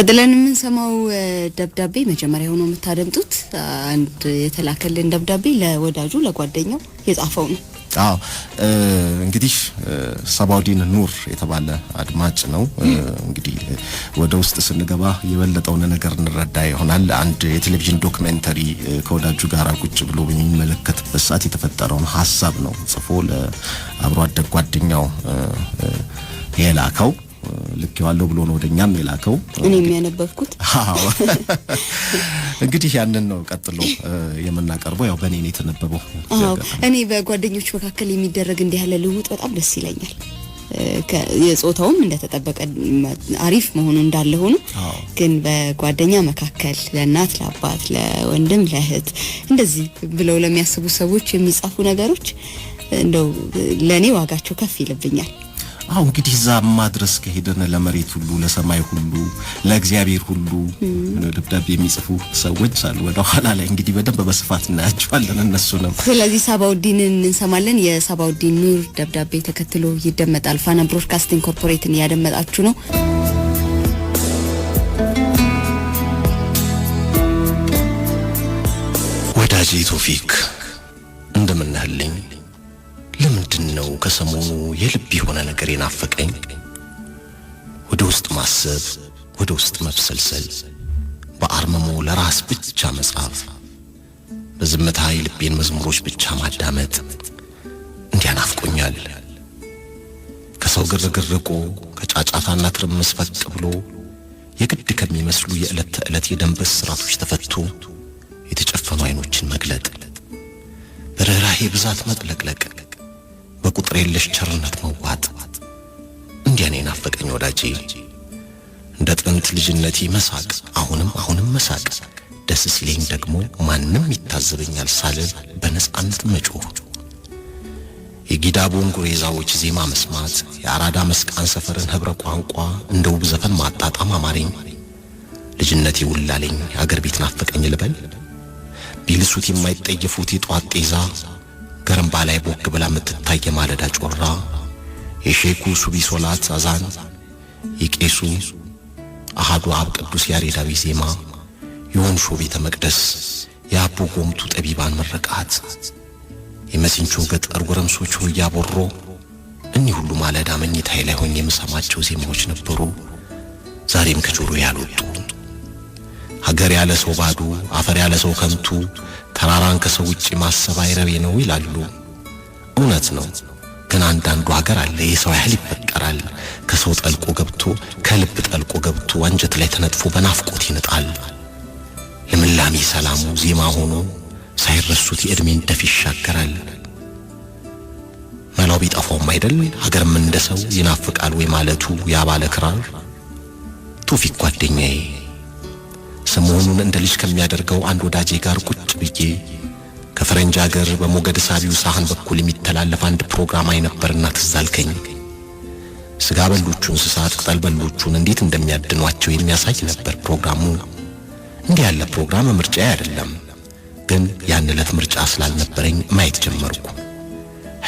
ቀጥለን የምንሰማው ደብዳቤ መጀመሪያ ሆኖ የምታደምጡት አንድ የተላከልን ደብዳቤ ለወዳጁ ለጓደኛው የጻፈው ነው። አዎ እንግዲህ ሰባውዲን ኑር የተባለ አድማጭ ነው። እንግዲህ ወደ ውስጥ ስንገባ የበለጠውን ነገር እንረዳ ይሆናል። አንድ የቴሌቪዥን ዶክመንተሪ ከወዳጁ ጋር ቁጭ ብሎ በሚመለከትበት ሰዓት የተፈጠረውን ሀሳብ ነው ጽፎ ለአብሮ አደግ ጓደኛው የላከው። ልኬዋለሁ ብሎ ነው ወደኛም የላከው። እኔ የሚያነበብኩት እንግዲህ ያንን ነው ቀጥሎ የምናቀርበው። ያው በእኔ ነው የተነበበው። እኔ በጓደኞች መካከል የሚደረግ እንዲህ ያለ ልውውጥ በጣም ደስ ይለኛል። የጾታውም እንደተጠበቀ አሪፍ መሆኑ እንዳለ ሆኖ ግን በጓደኛ መካከል ለእናት ለአባት፣ ለወንድም፣ ለእህት እንደዚህ ብለው ለሚያስቡ ሰዎች የሚጻፉ ነገሮች እንደው ለእኔ ዋጋቸው ከፍ ይልብኛል። አሁ እንግዲህ እዛ ማድረስ ከሄደን ለመሬት ሁሉ ለሰማይ ሁሉ ለእግዚአብሔር ሁሉ ደብዳቤ የሚጽፉ ሰዎች አሉ። ወደ ኋላ ላይ እንግዲህ በደንብ በስፋት እናያቸዋለን ነው። ስለዚህ ሳባውዲንን እንሰማለን። የሳባውዲን ኑር ደብዳቤ ተከትሎ ይደመጣል። ፋና ብሮድካስቲንግ ኮርፖሬትን እያደመጣችሁ ነው። ወዳጄ ቶፊክ እንደምናህልኝ ምንድን ነው ከሰሞኑ የልብ የሆነ ነገር የናፈቀኝ? ወደ ውስጥ ማሰብ፣ ወደ ውስጥ መብሰልሰል፣ በአርመሞ ለራስ ብቻ መጻፍ፣ በዝምታ የልቤን መዝሙሮች ብቻ ማዳመጥ እንዲያናፍቆኛል። ከሰው ግርግር ርቆ ከጫጫታና ትርምስ ፈቅ ብሎ የግድ ከሚመስሉ የዕለት ተዕለት የደንበስ ስራቶች ተፈቶ የተጨፈኑ አይኖችን መግለጥ፣ በርኅራሄ ብዛት መጥለቅለቅ በቁጥር የለሽ ቸርነት መዋጥ እንዲያ እኔ ናፈቀኝ ወዳጄ፣ እንደ ጥንት ልጅነቴ መሳቅ አሁንም አሁንም መሳቅ ደስ ሲለኝ ደግሞ ማንም ይታዘበኛል ሳልል በነጻነት መጮህ የጊዳቦን ጉሬዛዎች ዜማ መስማት የአራዳ መስቃን ሰፈርን ኅብረ ቋንቋ እንደ ውብ ዘፈን ማጣጣም አማረኝ። ልጅነቴ ውላለኝ አገር ቤት ናፈቀኝ ልበል ቢልሱት የማይጠየፉት የጧት ጤዛ ከረምባ ላይ ቦክ ብላ የምትታይ የማለዳ ጮራ፣ የሼኩ ሱቢ ሶላት አዛን፣ የቄሱ አሃዱ አብ ቅዱስ ያሬዳዊ ዜማ፣ የሆንሾ ቤተ መቅደስ የአቦ ጎምቱ ጠቢባን ምርቃት፣ የመሲንቾ ገጠር ጎረምሶች ሆይ እያቦሮ እኒህ ሁሉ ማለዳ መኝታዬ ላይ ሆኜ የምሰማቸው ዜማዎች ነበሩ ዛሬም ከጆሮ ያልወጡ። ሀገር ያለ ሰው ባዶ፣ አፈር ያለ ሰው ከንቱ፣ ተራራን ከሰው ውጭ ማሰብ አይረቤ ነው ይላሉ። እውነት ነው። ግን አንዳንዱ ሀገር አለ የሰው ያህል ይፈቀራል። ከሰው ጠልቆ ገብቶ ከልብ ጠልቆ ገብቶ አንጀት ላይ ተነጥፎ በናፍቆት ይንጣል። ልምላሜ ሰላሙ ዜማ ሆኖ ሳይረሱት የእድሜ እንደፍ ይሻገራል። መላው ቢጠፋውም አይደል ሀገርም እንደ ሰው ይናፍቃል ወይ ማለቱ ያባለ ክራር ቱፊክ ጓደኛዬ ሰሞኑን እንደ ልጅ ከሚያደርገው አንድ ወዳጄ ጋር ቁጭ ብዬ ከፈረንጅ ሀገር በሞገድ ሳቢው ሳህን በኩል የሚተላለፍ አንድ ፕሮግራም አይነበርና ትዝ አልከኝ። ስጋ በሎቹ እንስሳት ቅጠል በሎቹን እንዴት እንደሚያድኗቸው የሚያሳይ ነበር ፕሮግራሙ። እንዲህ ያለ ፕሮግራም ምርጫ አይደለም፣ ግን ያን ዕለት ምርጫ ስላልነበረኝ ማየት ጀመርኩ።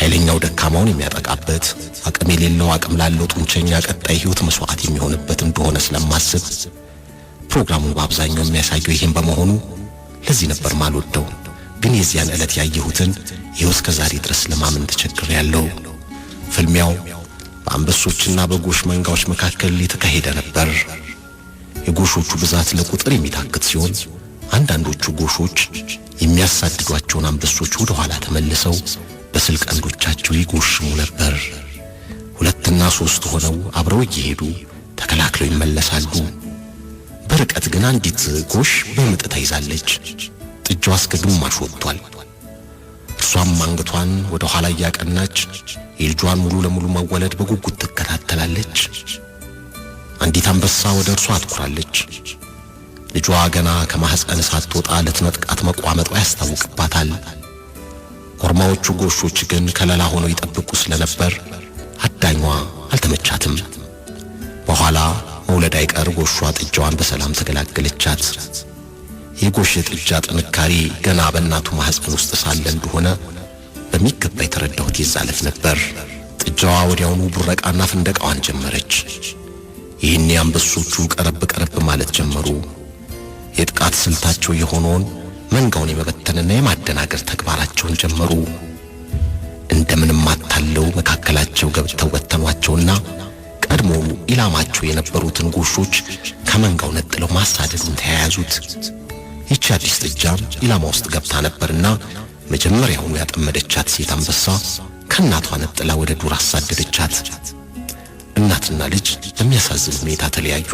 ኃይለኛው ደካማውን የሚያጠቃበት፣ አቅም የሌለው አቅም ላለው ጡንቸኛ ቀጣይ ሕይወት መስዋዕት የሚሆንበት እንደሆነ ስለማስብ ፕሮግራሙን በአብዛኛው የሚያሳየው ይህን በመሆኑ ለዚህ ነበር ማልወደው። ግን የዚያን ዕለት ያየሁትን ይኸው እስከ ዛሬ ድረስ ለማመን ተቸግር ያለው ፍልሚያው በአንበሶችና በጎሽ መንጋዎች መካከል የተካሄደ ነበር። የጎሾቹ ብዛት ለቁጥር የሚታክት ሲሆን አንዳንዶቹ ጎሾች የሚያሳድዷቸውን አንበሶች ወደ ኋላ ተመልሰው በስልቅ ቀንዶቻቸው ይጎሽሙ ነበር። ሁለትና ሶስት ሆነው አብረው እየሄዱ ተከላክለው ይመለሳሉ። በርቀት ግን አንዲት ጎሽ በምጥ ተይዛለች። ጥጃዋ እስከ ግማሽ ወጥቷል። እርሷም አንገቷን ወደ ኋላ እያቀናች የልጇን ሙሉ ለሙሉ መወለድ በጉጉት ትከታተላለች። አንዲት አንበሳ ወደ እርሷ አትኩራለች። ልጇ ገና ከማኅፀን ሳትወጣ ልትነጥቃት መቋመጧ ያስታውቅባታል። ኮርማዎቹ ጎሾች ግን ከለላ ሆነው ይጠብቁ ስለነበር አዳኟ አልተመቻትም። በኋላ መውለድ አይቀር ጎሿ ጥጃዋን በሰላም ተገላገለቻት። የጎሽ ጥጃ ጥንካሬ ገና በእናቱ ማህፀን ውስጥ ሳለ እንደሆነ በሚገባ የተረዳሁት ይዛለፍ ነበር። ጥጃዋ ወዲያውኑ ቡረቃና ፍንደቃዋን ጀመረች። ይህን አንበሶቹ ቀረብ ቀረብ ማለት ጀመሩ። የጥቃት ስልታቸው የሆነውን መንጋውን የመበተንና የማደናገር ተግባራቸውን ጀመሩ። እንደምንም አታለው መካከላቸው ገብተው በተኗቸውና ቀድሞውኑ ኢላማቸው የነበሩትን ጎሾች ከመንጋው ነጥለው ማሳደዱን ተያያዙት። ይቺ አዲስ ጥጃም ኢላማ ውስጥ ገብታ ነበርና መጀመሪያውኑ ያጠመደቻት ሴት አንበሳ ከእናቷ ነጥላ ወደ ዱር አሳደደቻት። እናትና ልጅ በሚያሳዝን ሁኔታ ተለያዩ።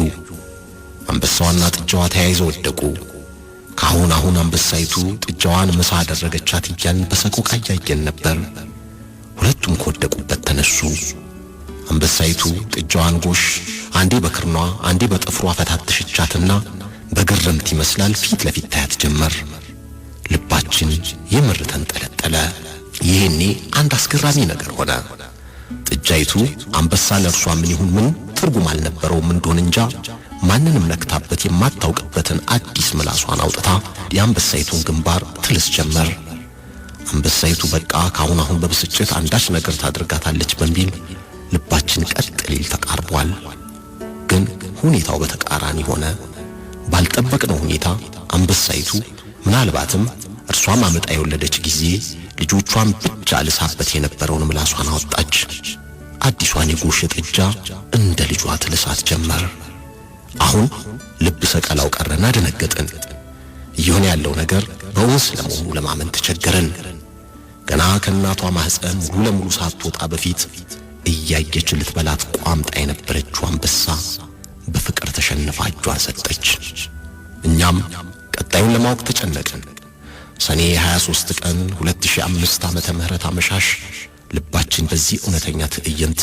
አንበሳዋና ጥጃዋ ተያይዘው ወደቁ። ከአሁን አሁን አንበሳይቱ ጥጃዋን ምሳ አደረገቻት እያልን በሰቆቃ እያየን ነበር። ሁለቱም ከወደቁበት ተነሱ። አንበሳይቱ ጥጃዋን ጎሽ አንዴ በክርኗ አንዴ በጥፍሯ ፈታተሸቻትና በግርምት ይመስላል ፊት ለፊት ታያት ጀመር። ልባችን የምር ተንጠለጠለ። ይህኔ አንድ አስገራሚ ነገር ሆነ። ጥጃይቱ አንበሳ ለእርሷ ምን ይሁን ምን ትርጉም አልነበረውም እንደሆን እንጃ ማንንም ነክታበት የማታውቅበትን አዲስ ምላሷን አውጥታ የአንበሳይቱን ግንባር ትልስ ጀመር። አንበሳይቱ በቃ ካሁን አሁን በብስጭት አንዳች ነገር ታደርጋታለች በሚል ልባችን ቀጥ ሊል ተቃርቧል። ግን ሁኔታው በተቃራኒ ሆነ። ባልጠበቅነው ሁኔታ አንበሳይቱ ምናልባትም እርሷም አመጣ የወለደች ጊዜ ልጆቿን ብቻ ልሳበት የነበረውን ምላሷን አወጣች። አዲሷን የጎሽ ጥጃ እንደ ልጇ ትልሳት ጀመር። አሁን ልብ ሰቀላው ቀረና ደነገጥን። እየሆነ ያለው ነገር በእውን ስለመሆኑ ለማመን ተቸገረን። ገና ከእናቷ ማህፀን ሙሉ ለሙሉ ሳትወጣ በፊት እያየች ልትበላት ቋምጣ የነበረችው አንበሳ በፍቅር ተሸንፋ እጇን ሰጠች። እኛም ቀጣዩን ለማወቅ ተጨነቅን። ሰኔ 23 ቀን 2005 ዓ ም አመሻሽ ልባችን በዚህ እውነተኛ ትዕይንት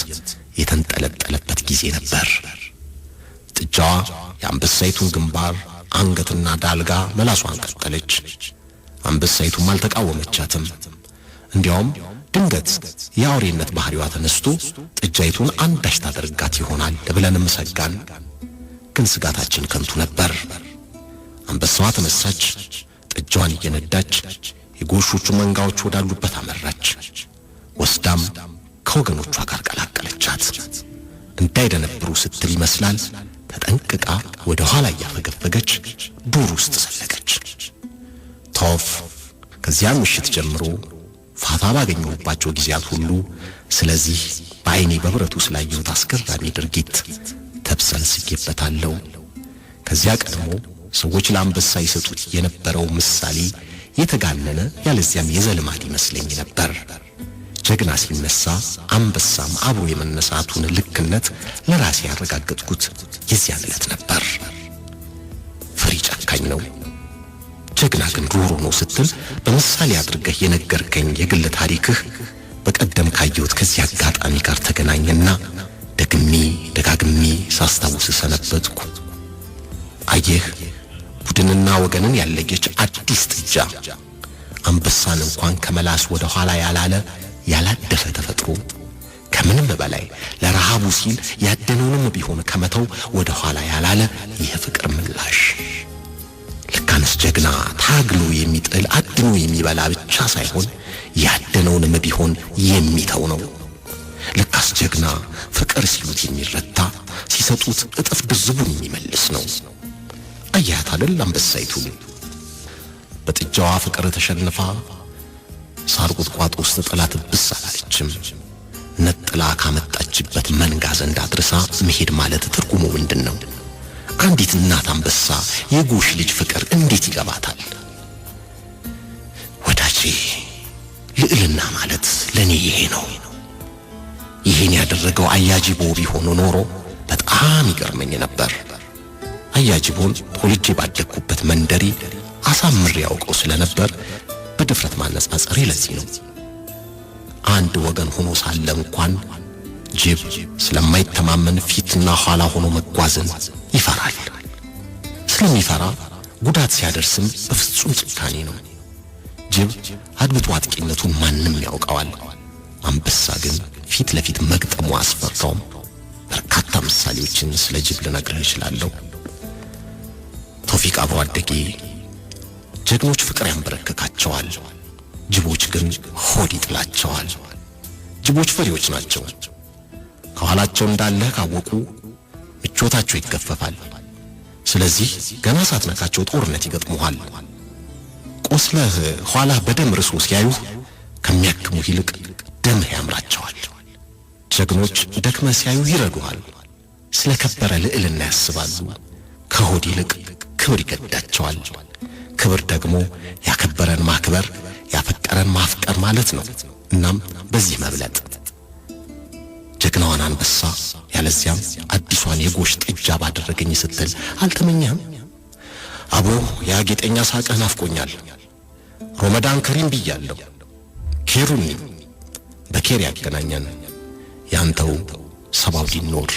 የተንጠለጠለበት ጊዜ ነበር። ጥጃዋ የአንበሳይቱን ግንባር፣ አንገትና ዳልጋ መላሷን ቀጠለች። አንበሳይቱም አልተቃወመቻትም። እንዲያውም ድንገት የአውሬነት ባህሪዋ ተነስቶ ጥጃይቱን አንዳች ታደርጋት ይሆናል ብለንም ሰጋን። ግን ስጋታችን ከንቱ ነበር። አንበሳዋ ተነሳች፣ ጥጃዋን እየነዳች የጎሾቹ መንጋዎች ወዳሉበት አመራች። ወስዳም ከወገኖቿ ጋር ቀላቀለቻት። እንዳይደነብሩ ስትል ይመስላል ተጠንቅቃ ወደ ኋላ እያፈገፈገች ዱር ውስጥ ሰለገች። ቶፍ ከዚያም ምሽት ጀምሮ ፋታ ባገኘሁባቸው ጊዜያት ሁሉ ስለዚህ በዐይኔ በብረቱ ስላየሁት አስገራሚ ድርጊት ተብሰልስጌበታለሁ። ከዚያ ቀድሞ ሰዎች ለአንበሳ ይሰጡት የነበረው ምሳሌ የተጋነነ ያለዚያም የዘልማድ ይመስለኝ ነበር። ጀግና ሲነሳ አንበሳም አብሮ የመነሳቱን ልክነት ለራሴ ያረጋገጥኩት የዚያን ዕለት ነበር። ፈሪ ጨካኝ ነው። ጀግና ግን ዶሮ ነው ስትል በምሳሌ አድርገህ የነገርከኝ የግል ታሪክህ በቀደም ካየሁት ከዚህ አጋጣሚ ጋር ተገናኘና ደግሜ ደጋግሜ ሳስታውስ ሰነበትኩ። አየህ ቡድንና ወገንን ያለየች አዲስ ጥጃ አንበሳን እንኳን ከመላስ ወደ ኋላ ያላለ ያላደፈ ተፈጥሮ ከምንም በላይ ለረሃቡ ሲል ያደነውንም ቢሆን ከመተው ወደ ኋላ ያላለ ይህ ፍቅር ምላሽ ጀግና ታግሎ የሚጥል አድኖ የሚበላ ብቻ ሳይሆን ያደነውንም ቢሆን የሚተው ነው። ለካስ ጀግና ፍቅር ሲሉት የሚረታ ሲሰጡት እጥፍ ድርቡን የሚመልስ ነው። አያት አለል አንበሳይቱን በጥጃዋ ፍቅር ተሸንፋ ሳር ቁጥቋጦ ውስጥ ጥላት ብስ አላለችም። ነጥላ ካመጣችበት መንጋ ዘንድ አድርሳ መሄድ ማለት ትርጉሙ ምንድን ነው? አንዲት እናት አንበሳ የጉሽ ልጅ ፍቅር እንዴት ይገባታል? ወዳጄ ልዕልና ማለት ለኔ ይሄ ነው። ይህን ያደረገው አያጅቦ ቢሆን ኖሮ በጣም ይገርመኝ ነበር። አያጅቦን ተወልጄ ባደግኩበት መንደሪ አሳምር ያውቀው ስለነበር በድፍረት ማነጻጸሬ ለዚህ ነው። አንድ ወገን ሆኖ ሳለ እንኳን ጅብ ስለማይተማመን ፊትና ኋላ ሆኖ መጓዝን ይፈራል። ስለሚፈራ ጉዳት ሲያደርስም በፍጹም ጭካኔ ነው። ጅብ አድብቶ አጥቂነቱን ማንም ያውቀዋል። አንበሳ ግን ፊት ለፊት መግጠሙ አስፈራውም። በርካታ ምሳሌዎችን ስለ ጅብ ልነግርህ እችላለሁ። ቶፊቅ አብሮ አደጌ ጀግኖች ፍቅር ያንበረከካቸዋል፣ ጅቦች ግን ሆድ ይጥላቸዋል። ጅቦች ፈሪዎች ናቸው። ከኋላቸው እንዳለህ ካወቁ ምቾታቸው ይገፈፋል። ስለዚህ ገና ሳትነካቸው ጦርነት ይገጥሙሃል። ቆስለህ ኋላህ በደም ርሶ ሲያዩህ ከሚያክሙ ይልቅ ደምህ ያምራቸዋል። ጀግኖች ደክመ ሲያዩ ይረዱሃል። ስለ ከበረ ልዕልና ያስባሉ። ከሆድ ይልቅ ክብር ይገዳቸዋል። ክብር ደግሞ ያከበረን ማክበር፣ ያፈቀረን ማፍቀር ማለት ነው። እናም በዚህ መብለጥ አንበሷን አንበሳ ያለዚያም አዲሷን የጎሽ ጥጃ ባደረገኝ ስትል አልተመኘህም? አቦ የአጌጠኛ ጌጠኛ ሳቅህ ናፍቆኛል። ሮመዳን ከሪም ብያለሁ። ኬሩኒ በኬር ያገናኘን ያንተው ሰባው ዲን ኖር